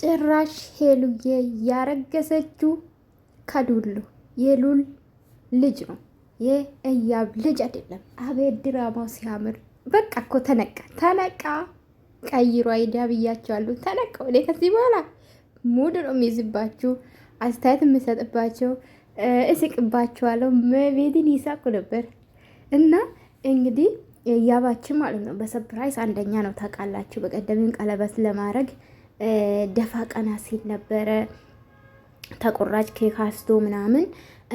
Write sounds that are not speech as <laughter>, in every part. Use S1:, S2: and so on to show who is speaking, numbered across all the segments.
S1: ጭራሽ ሄሉዬ ያረገዘችው ከዱሉ የሉል ልጅ ነው። የእያብ ልጅ አይደለም። አቤት ድራማው ሲያምር! በቃ እኮ ተነቃ ተነቃ። ቀይሮ አይዳ አሉ ተነቃ። ወደ ከዚህ በኋላ ሙድ ነው የሚይዝባችሁ፣ አስተያየት የምሰጥባቸው፣ እስቅባቸዋለሁ። መቤድን ይሳቁ ነበር እና እንግዲህ እያባችን ማለት ነው በሰፕራይስ አንደኛ ነው ታውቃላችሁ። በቀደምም ቀለበት ለማድረግ ደፋ ቀና ሲል ነበረ ተቆራጭ ኬክ አስቶ ምናምን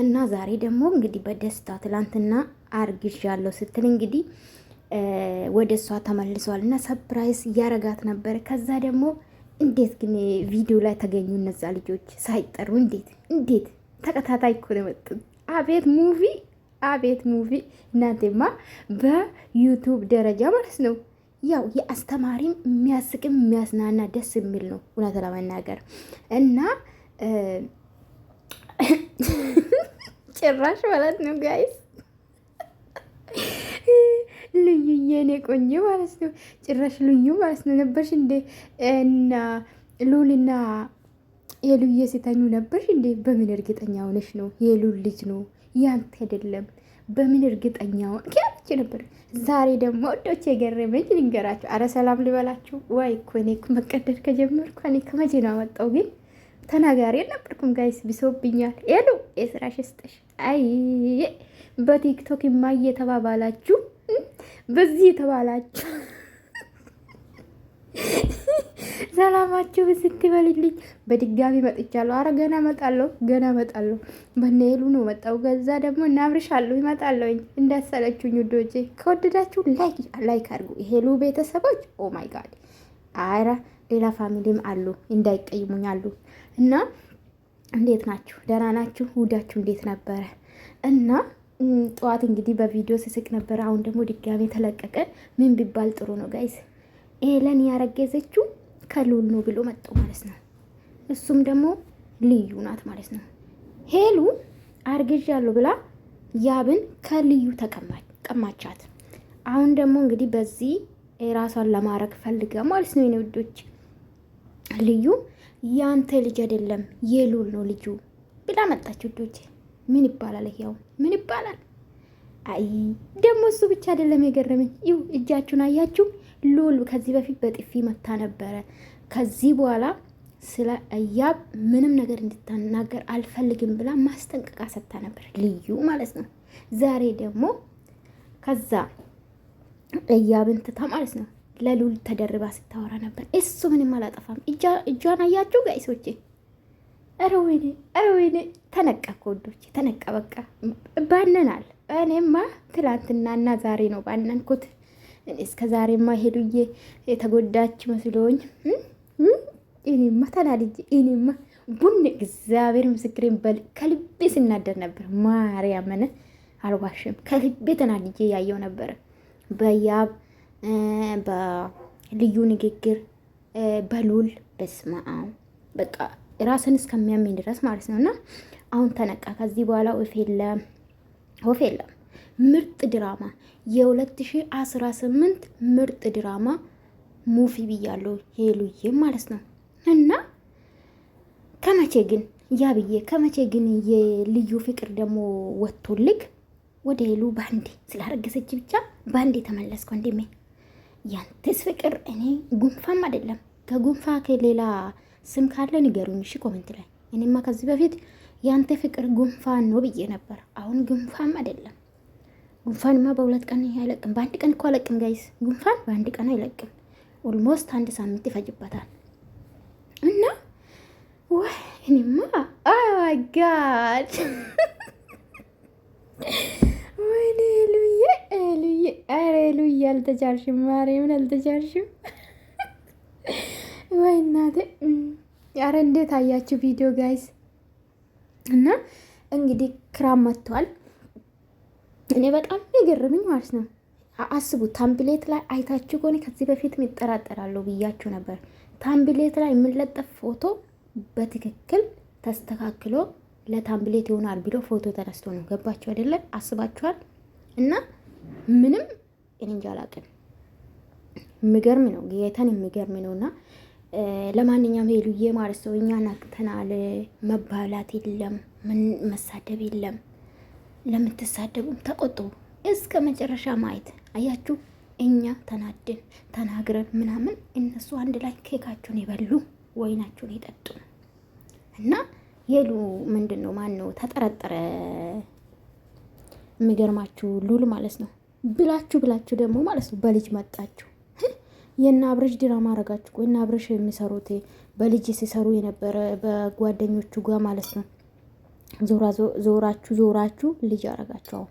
S1: እና ዛሬ ደግሞ እንግዲህ በደስታ ትላንትና አርግዣለሁ ስትል እንግዲህ ወደ እሷ ተመልሷል እና ሰፕራይዝ እያረጋት ነበረ። ከዛ ደግሞ እንዴት ግን ቪዲዮ ላይ ተገኙ እነዛ ልጆች ሳይጠሩ እንዴት እንዴት ተከታታይ እኮ ነው የመጡት። አቤት ሙቪ አቤት ሙቪ! እናንተማ በዩቱብ ደረጃ ማለት ነው ያው የአስተማሪም የሚያስቅም የሚያስናና ደስ የሚል ነው እውነት ለመናገር እና ጭራሽ ማለት ነው ጋይስ ልዩ የኔ ቆንጆ ማለት ነው። ጭራሽ ልዩ ማለት ነው ነበርሽ እንዴ? እና ሉልና የሉል የሴተኙ ነበርሽ እንዴ? በምን እርግጠኛ ሆነሽ ነው የሉል ልጅ ነው ያንተ አይደለም? በምን እርግጠኛ ሆን እያለች ነበር። ዛሬ ደግሞ ወዶች የገረመኝ ልንገራችሁ። አረ ሰላም ልበላችሁ ወይ እኮ እኔ መቀደድ ከጀመርኩ እኔ ከመቼ ነው አመጣው ግን ተናጋሪ ነበርኩም ጋይስ፣ ብሶብኛል። ሄሉ የስራሽ ስጠሽ። አይ በቲክቶክ ማየ እየተባባላችሁ በዚህ የተባላችሁ ሰላማችሁ ብስት በልልኝ። በድጋሚ መጥቻለሁ። አረ ገና መጣለሁ፣ ገና መጣለሁ። በነሄሉ ነው መጣው። ገዛ ደግሞ እናብርሻለሁ፣ ይመጣለሁ። እንዳሰለችሁኝ ውዶቼ፣ ከወደዳችሁ ላይክ ላይክ አድርጉ። ሄሉ ቤተሰቦች ኦ ማይ ጋድ። አረ ሌላ ፋሚሊም አሉ፣ እንዳይቀይሙኝ አሉ። እና እንዴት ናችሁ? ደህና ናችሁ? ውዳችሁ እንዴት ነበረ? እና ጠዋት እንግዲህ በቪዲዮ ስስቅ ነበረ። አሁን ደግሞ ድጋሚ ተለቀቀ። ምን ቢባል ጥሩ ነው ጋይስ? ኤለን ያረገዘችው ከሉል ነው ብሎ መጣው ማለት ነው። እሱም ደግሞ ልዩ ናት ማለት ነው። ሄሉ አርግዣለሁ ብላ ያብን ከልዩ ተቀማቻት። አሁን ደግሞ እንግዲህ በዚህ ራሷን ለማድረግ ፈልጋ ማለት ነው። የኔ ውዶች ልዩ ያንተ ልጅ አይደለም የሉል ነው ልጁ ብላ መጣች። ውዶች ምን ይባላል? ያው ምን ይባላል? አይ ደግሞ እሱ ብቻ አይደለም የገረመኝ። ይኸው እጃችሁን አያችሁ ሉል ከዚህ በፊት በጥፊ መታ ነበረ። ከዚህ በኋላ ስለ እያብ ምንም ነገር እንድታናገር አልፈልግም ብላ ማስጠንቀቃ ሰጥታ ነበር፣ ልዩ ማለት ነው። ዛሬ ደግሞ ከዛ እያብን ትታ ማለት ነው ለሉል ተደርባ ስታወራ ነበር። እሱ ምንም አላጠፋም። እጇን አያችሁ ጋይሶቼ? ኧረ ወይኔ፣ ኧረ ወይኔ! ተነቃ ከወዶቼ ተነቃ። በቃ ባነናል። እኔማ ትላንትናና ዛሬ ነው ባነንኩት። እስከ ዛሬማ ሄዱዬ የተጎዳች መስሎኝ እኔማ ተናድጄ እኔማ ቡን እግዚአብሔር ምስክሬን በል ከልቤ ስናደር ነበር። ማርያምን አልዋሽም፣ ከልቤ ተናድጄ ያየው ነበር። በያብ በልዩ ንግግር በሉል በስማ በቃ ራስን እስከሚያመኝ ድረስ ማለት ነው። እና አሁን ተነቃ። ከዚህ በኋላ ወፍ የለም፣ ወፍ የለም። ምርጥ ድራማ የ2018 ምርጥ ድራማ ሙፊ ብያለሁ ሄሉዬ ማለት ነው። እና ከመቼ ግን ያ ብዬ ከመቼ ግን የልዩ ፍቅር ደግሞ ወጥቶልክ ወደ ሄሉ ባንዴ ስላረገሰች ብቻ ባንዴ ተመለስኩ። ወንድሜ ያንተስ ፍቅር እኔ ጉንፋም አይደለም ከጉንፋ ከሌላ ስም ካለ ንገሩኝ እሺ፣ ኮሜንት ላይ። እኔማ ከዚህ በፊት ያንተ ፍቅር ጉንፋን ነው ብዬ ነበር። አሁን ጉንፋም አይደለም። ጉንፋንማ በሁለት ቀን አይለቅም፣ በአንድ ቀን እኮ አለቅም። ጋይስ ጉንፋን በአንድ ቀን አይለቅም። ኦልሞስት አንድ ሳምንት ይፈጅበታል። እና ወይ እኔማ አጋድ ወይኔ ሉዬ ሉዬ አረ ሉዬ አልተቻልሽም፣ ማርያምን አልተቻልሽም። ወይ እናቴ አረ እንዴት አያችሁ ቪዲዮ ጋይስ። እና እንግዲህ ክራም መጥቷል። እኔ በጣም የገረመኝ ማለት ነው። አስቡት ታምብሌት ላይ አይታችሁ ከሆነ ከዚህ በፊት ይጠራጠራለሁ ብያችሁ ነበር። ታምብሌት ላይ የምንለጠፍ ፎቶ በትክክል ተስተካክሎ ለታምብሌት ይሆናል ብሎ ፎቶ ተነስቶ ነው። ገባችሁ አይደለ? አስባችኋል። እና ምንም እንጃ አላቅም። የሚገርም ነው፣ ጌታን የሚገርም ነው። እና ለማንኛውም ሄሉዬ ማለት ሰው እኛ ነክተናል። መባላት የለም መሳደብ የለም። ለምትሳደቡም ተቆጥቡ እስከ መጨረሻ ማየት። አያችሁ እኛ ተናድን ተናግረን ምናምን፣ እነሱ አንድ ላይ ኬካችሁን የበሉ ወይናችሁን የጠጡ እና የሉ ምንድን ነው ማን ነው ተጠረጠረ? የሚገርማችሁ ሉል ማለት ነው ብላችሁ ብላችሁ ደግሞ ማለት ነው በልጅ መጣችሁ። የእነ አብረሽ ድራማ አረጋችሁ። የእነ አብረሽ የሚሰሩት በልጅ ሲሰሩ የነበረ በጓደኞቹ ጋር ማለት ነው ዞራችሁ ዞራችሁ ልጅ አረጋችሁ።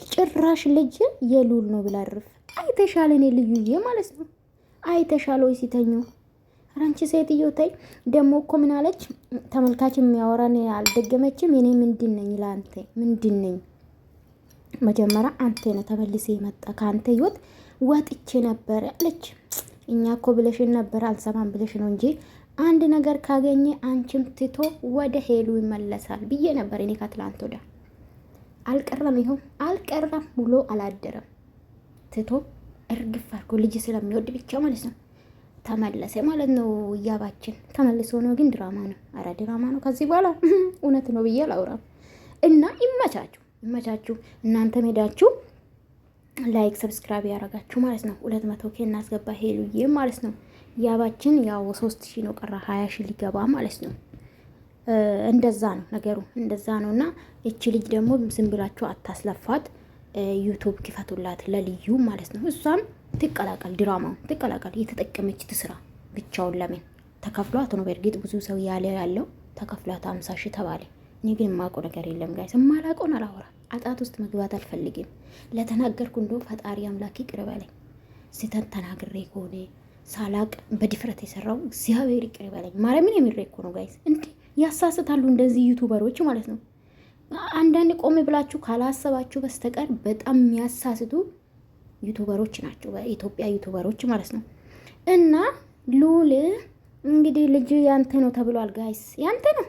S1: አሁን ጭራሽ ልጅ የሉል ነው ብላ አድርፍ አይተሻል። እኔ ልዩዬ ማለት ነው አይተሻል ወይ ሲተኙ አንቺ ሴትዮ ተይ። ደግሞ እኮ ምን አለች ተመልካች የሚያወራን አልደገመችም። እኔ ምንድን ነኝ ለአንተ ምንድን ነኝ? መጀመሪያ አንተ ነው ተመልሴ የመጣ ከአንተ ህይወት ወጥቼ ነበር አለች። እኛ እኮ ብለሽን ነበር አልሰማም ብለሽ ነው እንጂ አንድ ነገር ካገኘ አንቺም ትቶ ወደ ሄሉ ይመለሳል ብዬ ነበር እኔ ከትላንት ወዳ አልቀረም ይሁን አልቀረም ብሎ አላደረም። ትቶ እርግፍ አድርጎ ልጅ ስለሚወድ ብቻ ማለት ነው ተመለሰ ማለት ነው። እያባችን ተመልሶ ነው ግን ድራማ ነው። አረ ድራማ ነው። ከዚህ በኋላ <laughs> እውነት ነው ብዬ አላውራም። እና ይመቻችሁ፣ ይመቻችሁ። እናንተም ሄዳችሁ ላይክ፣ ሰብስክራይብ ያደረጋችሁ ማለት ነው። ሁለት መቶ ኬ እናስገባ ሄሉዬ ማለት ነው። ያባችን ያው ሶስት ሺ ነው ቀራ ሀያ ሺ ሊገባ ማለት ነው። እንደዛ ነው ነገሩ እንደዛ ነው። እና እቺ ልጅ ደግሞ ዝም ብላችሁ አታስለፋት። ዩቱብ ክፈቱላት ለልዩ ማለት ነው። እሷም ትቀላቀል፣ ድራማውን ትቀላቀል፣ የተጠቀመች ትስራ ብቻውን። ለምን ተከፍሏት ነው? በእርግጥ ብዙ ሰው ያለ ያለው ተከፍሏት አምሳ ሺ ተባለ። እኔ ግን የማውቀው ነገር የለም ጋይስ፣ የማላውቀውን አላወራ፣ አጣት ውስጥ መግባት አልፈልግም። ለተናገርኩ እንደ ፈጣሪ አምላክ ይቅር በለኝ። ስተን ተናግሬ ከሆነ ሳላቅ በድፍረት የሰራው እግዚአብሔር ይቅር ይበለኝ። ማርያምን የሚሬ እኮ ነው ጋይስ፣ እንዴ ያሳስታሉ እንደዚህ ዩቱበሮች ማለት ነው። አንዳንድ ቆም ብላችሁ ካላሰባችሁ በስተቀር በጣም የሚያሳስቱ ዩቱበሮች ናቸው፣ ኢትዮጵያ ዩቱበሮች ማለት ነው። እና ሉል እንግዲህ ልጅ ያንተ ነው ተብሏል ጋይስ፣ ያንተ ነው